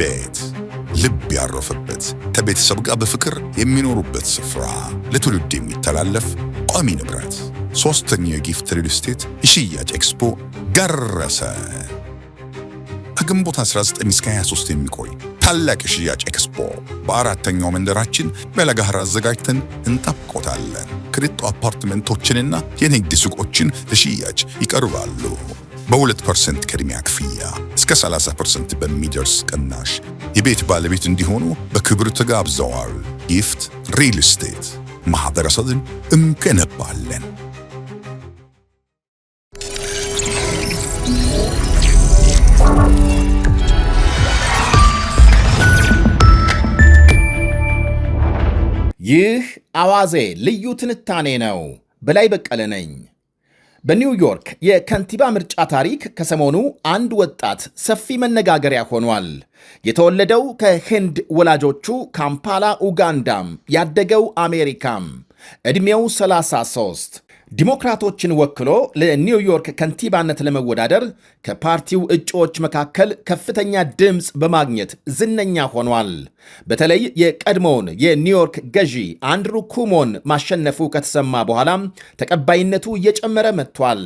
ቤት ልብ ያረፈበት ከቤተሰብ ጋር በፍቅር የሚኖሩበት ስፍራ ለትውልድ የሚተላለፍ ቋሚ ንብረት። ሶስተኛው የጊፍት ሪል ስቴት የሽያጭ ኤክስፖ ደረሰ። ከግንቦት 19 እስከ 23 የሚቆይ ታላቅ የሽያጭ ኤክስፖ በአራተኛው መንደራችን በለጋህር አዘጋጅተን እንጠብቆታለን። ቅንጡ አፓርትመንቶችንና የንግድ ሱቆችን ለሽያጭ ይቀርባሉ። በ2 ፐርሰንት ቅድሚያ ክፍያ እስከ 30% በሚደርስ ቅናሽ የቤት ባለቤት እንዲሆኑ በክብር ተጋብዘዋል። ጊፍት ሪል ስቴት ማህበረሰብን እንገነባለን። ይህ አዋዜ ልዩ ትንታኔ ነው። በላይ በቀለ ነኝ። በኒውዮርክ የከንቲባ ምርጫ ታሪክ ከሰሞኑ አንድ ወጣት ሰፊ መነጋገሪያ ሆኗል። የተወለደው ከህንድ ወላጆቹ ካምፓላ ኡጋንዳም፣ ያደገው አሜሪካም፣ ዕድሜው 33 ዲሞክራቶችን ወክሎ ለኒውዮርክ ከንቲባነት ለመወዳደር ከፓርቲው እጩዎች መካከል ከፍተኛ ድምፅ በማግኘት ዝነኛ ሆኗል። በተለይ የቀድሞውን የኒውዮርክ ገዢ አንድሩ ኩሞን ማሸነፉ ከተሰማ በኋላም ተቀባይነቱ እየጨመረ መጥቷል።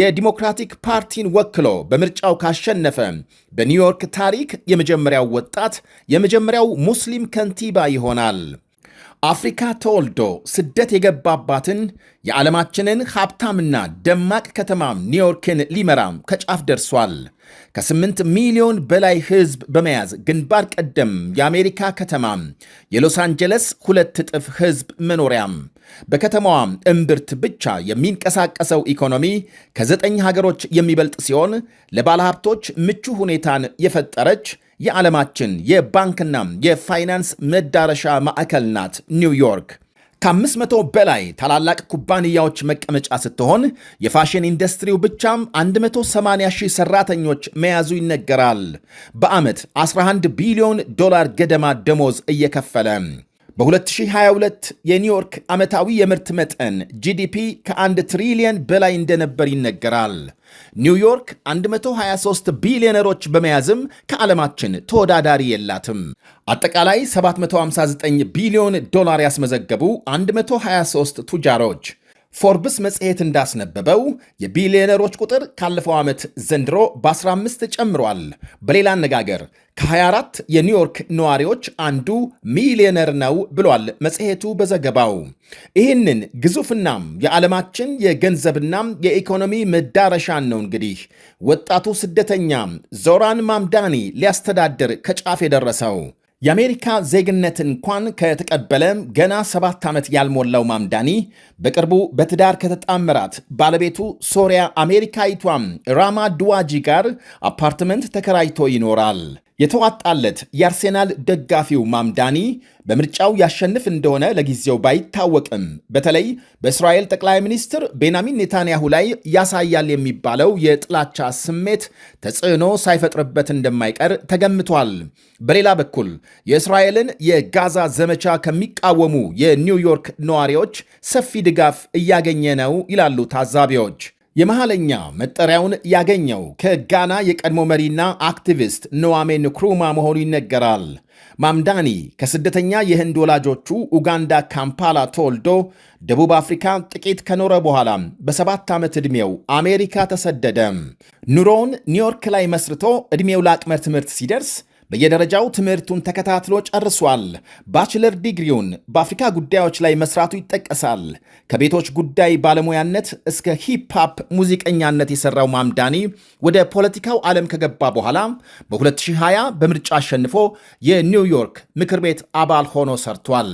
የዲሞክራቲክ ፓርቲን ወክሎ በምርጫው ካሸነፈ በኒውዮርክ ታሪክ የመጀመሪያው ወጣት፣ የመጀመሪያው ሙስሊም ከንቲባ ይሆናል። አፍሪካ ተወልዶ ስደት የገባባትን የዓለማችንን ሀብታምና ደማቅ ከተማም ኒውዮርክን ሊመራም ከጫፍ ደርሷል። ከ8 ሚሊዮን በላይ ሕዝብ በመያዝ ግንባር ቀደም የአሜሪካ ከተማም የሎስ አንጀለስ ሁለት እጥፍ ሕዝብ መኖሪያም በከተማዋም እምብርት ብቻ የሚንቀሳቀሰው ኢኮኖሚ ከዘጠኝ ሀገሮች የሚበልጥ ሲሆን ለባለሀብቶች ምቹ ሁኔታን የፈጠረች የዓለማችን የባንክና የፋይናንስ መዳረሻ ማዕከል ናት ኒውዮርክ። ከ ከ500 በላይ ታላላቅ ኩባንያዎች መቀመጫ ስትሆን የፋሽን ኢንዱስትሪው ብቻም 180 ሺህ ሰራተኞች መያዙ ይነገራል። በዓመት 11 ቢሊዮን ዶላር ገደማ ደሞዝ እየከፈለ በ2022 የኒውዮርክ ዓመታዊ የምርት መጠን ጂዲፒ ከአንድ ትሪሊየን በላይ እንደነበር ይነገራል። ኒውዮርክ 123 ቢሊዮነሮች በመያዝም ከዓለማችን ተወዳዳሪ የላትም። አጠቃላይ 759 ቢሊዮን ዶላር ያስመዘገቡ 123 ቱጃሮች ፎርብስ መጽሔት እንዳስነበበው የቢሊዮነሮች ቁጥር ካለፈው ዓመት ዘንድሮ በ15 ጨምሯል። በሌላ አነጋገር ከ24 የኒውዮርክ ነዋሪዎች አንዱ ሚሊዮነር ነው ብሏል መጽሔቱ በዘገባው። ይህንን ግዙፍናም የዓለማችን የገንዘብናም የኢኮኖሚ መዳረሻን ነው እንግዲህ ወጣቱ ስደተኛ ዞራን ማምዳኒ ሊያስተዳድር ከጫፍ የደረሰው። የአሜሪካ ዜግነት እንኳን ከተቀበለ ገና ሰባት ዓመት ያልሞላው ማምዳኒ በቅርቡ በትዳር ከተጣመራት ባለቤቱ ሶሪያ አሜሪካዊቷም ራማ ድዋጂ ጋር አፓርትመንት ተከራይቶ ይኖራል። የተዋጣለት የአርሴናል ደጋፊው ማምዳኒ በምርጫው ያሸንፍ እንደሆነ ለጊዜው ባይታወቅም በተለይ በእስራኤል ጠቅላይ ሚኒስትር ቤንያሚን ኔታንያሁ ላይ ያሳያል የሚባለው የጥላቻ ስሜት ተጽዕኖ ሳይፈጥርበት እንደማይቀር ተገምቷል። በሌላ በኩል የእስራኤልን የጋዛ ዘመቻ ከሚቃወሙ የኒውዮርክ ነዋሪዎች ሰፊ ድጋፍ እያገኘ ነው ይላሉ ታዛቢዎች። የመሃለኛ መጠሪያውን ያገኘው ከጋና የቀድሞ መሪና አክቲቪስት ኖዋሜን ክሩማ መሆኑ ይነገራል። ማምዳኒ ከስደተኛ የህንድ ወላጆቹ ኡጋንዳ ካምፓላ ተወልዶ ደቡብ አፍሪካ ጥቂት ከኖረ በኋላ በሰባት ዓመት ዕድሜው አሜሪካ ተሰደደ። ኑሮውን ኒውዮርክ ላይ መስርቶ ዕድሜው ለአቅመ ትምህርት ሲደርስ በየደረጃው ትምህርቱን ተከታትሎ ጨርሷል። ባችለር ዲግሪውን በአፍሪካ ጉዳዮች ላይ መስራቱ ይጠቀሳል። ከቤቶች ጉዳይ ባለሙያነት እስከ ሂፕሃፕ ሙዚቀኛነት የሰራው ማምዳኒ ወደ ፖለቲካው ዓለም ከገባ በኋላ በ2020 በምርጫ አሸንፎ የኒውዮርክ ምክር ቤት አባል ሆኖ ሰርቷል።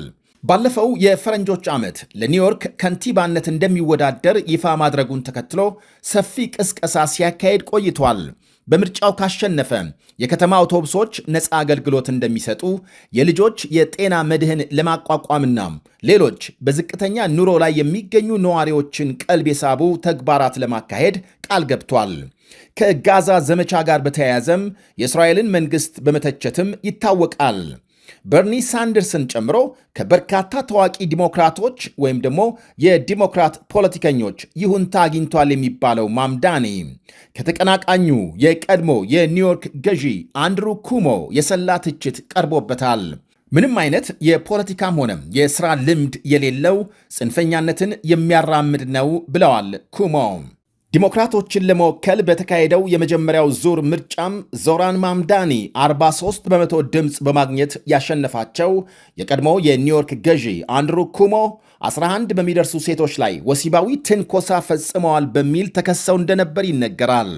ባለፈው የፈረንጆች ዓመት ለኒውዮርክ ከንቲባነት እንደሚወዳደር ይፋ ማድረጉን ተከትሎ ሰፊ ቅስቀሳ ሲያካሄድ ቆይቷል። በምርጫው ካሸነፈ የከተማ አውቶቡሶች ነፃ አገልግሎት እንደሚሰጡ፣ የልጆች የጤና መድህን ለማቋቋምና ሌሎች በዝቅተኛ ኑሮ ላይ የሚገኙ ነዋሪዎችን ቀልብ የሳቡ ተግባራት ለማካሄድ ቃል ገብቷል። ከጋዛ ዘመቻ ጋር በተያያዘም የእስራኤልን መንግሥት በመተቸትም ይታወቃል። በርኒ ሳንደርስን ጨምሮ ከበርካታ ታዋቂ ዲሞክራቶች ወይም ደግሞ የዲሞክራት ፖለቲከኞች ይሁንታ አግኝቷል የሚባለው ማምዳኒ ከተቀናቃኙ የቀድሞ የኒውዮርክ ገዢ አንድሩ ኩሞ የሰላ ትችት ቀርቦበታል። ምንም አይነት የፖለቲካም ሆነ የስራ ልምድ የሌለው ጽንፈኛነትን የሚያራምድ ነው ብለዋል ኩሞ። ዲሞክራቶችን ለመወከል በተካሄደው የመጀመሪያው ዙር ምርጫም ዞራን ማምዳኒ 43 በመቶ ድምፅ በማግኘት ያሸነፋቸው የቀድሞ የኒውዮርክ ገዢ አንድሩ ኩሞ 11 በሚደርሱ ሴቶች ላይ ወሲባዊ ትንኮሳ ፈጽመዋል በሚል ተከሰው እንደነበር ይነገራል።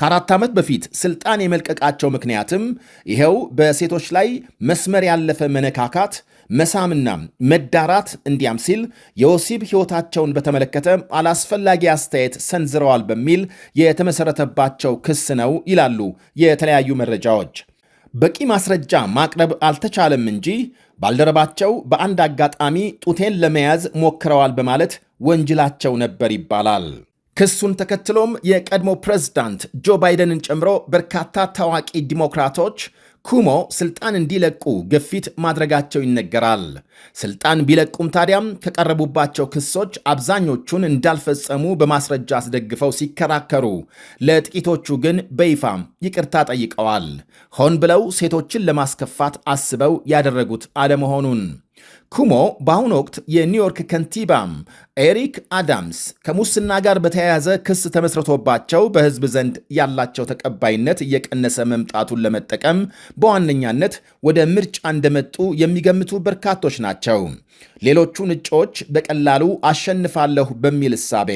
ከአራት ዓመት በፊት ስልጣን የመልቀቃቸው ምክንያትም ይኸው በሴቶች ላይ መስመር ያለፈ መነካካት መሳምና መዳራት እንዲያም ሲል የወሲብ ሕይወታቸውን በተመለከተ አላስፈላጊ አስተያየት ሰንዝረዋል በሚል የተመሰረተባቸው ክስ ነው ይላሉ የተለያዩ መረጃዎች። በቂ ማስረጃ ማቅረብ አልተቻለም እንጂ ባልደረባቸው በአንድ አጋጣሚ ጡቴን ለመያዝ ሞክረዋል በማለት ወንጅላቸው ነበር ይባላል። ክሱን ተከትሎም የቀድሞ ፕሬዝዳንት ጆ ባይደንን ጨምሮ በርካታ ታዋቂ ዲሞክራቶች ኩሞ ስልጣን እንዲለቁ ግፊት ማድረጋቸው ይነገራል። ስልጣን ቢለቁም ታዲያም ከቀረቡባቸው ክሶች አብዛኞቹን እንዳልፈጸሙ በማስረጃ አስደግፈው ሲከራከሩ፣ ለጥቂቶቹ ግን በይፋም ይቅርታ ጠይቀዋል። ሆን ብለው ሴቶችን ለማስከፋት አስበው ያደረጉት አለመሆኑን ኩሞ በአሁኑ ወቅት የኒውዮርክ ከንቲባም ኤሪክ አዳምስ ከሙስና ጋር በተያያዘ ክስ ተመስርቶባቸው በሕዝብ ዘንድ ያላቸው ተቀባይነት እየቀነሰ መምጣቱን ለመጠቀም በዋነኛነት ወደ ምርጫ እንደመጡ የሚገምቱ በርካቶች ናቸው። ሌሎቹን እጩዎች በቀላሉ አሸንፋለሁ በሚል እሳቤ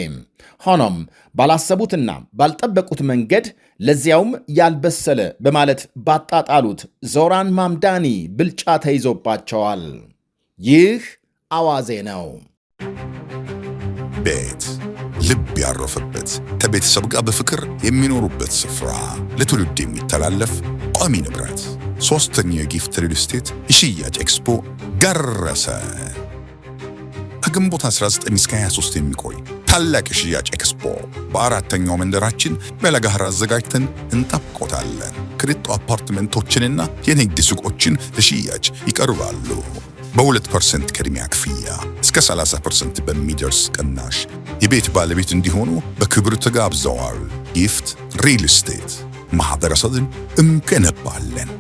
ሆኖም ባላሰቡትና ባልጠበቁት መንገድ ለዚያውም ያልበሰለ በማለት ባጣጣሉት ዞራን ማምዳኒ ብልጫ ተይዞባቸዋል። ይህ አዋዜ ነው። ቤት ልብ ያረፈበት ከቤተሰብ ጋር በፍቅር የሚኖሩበት ስፍራ፣ ለትውልድ የሚተላለፍ ቋሚ ንብረት። ሶስተኛው የጊፍት ሪል ስቴት የሽያጭ ኤክስፖ ደረሰ። ከግንቦት 19 እስከ 23 የሚቆይ ታላቅ የሽያጭ ኤክስፖ በአራተኛው መንደራችን በለጋህር አዘጋጅተን እንጠብቆታለን። ክሪጦ አፓርትመንቶችንና የንግድ ሱቆችን ለሽያጭ ይቀርባሉ። በሁለት ፐርሰንት ቅድሚያ ክፍያ እስከ 30% በሚደርስ ቅናሽ የቤት ባለቤት እንዲሆኑ በክብር ተጋብዘዋል። ጊፍት ሪል ስቴት ማህበረሰብን እንገነባለን።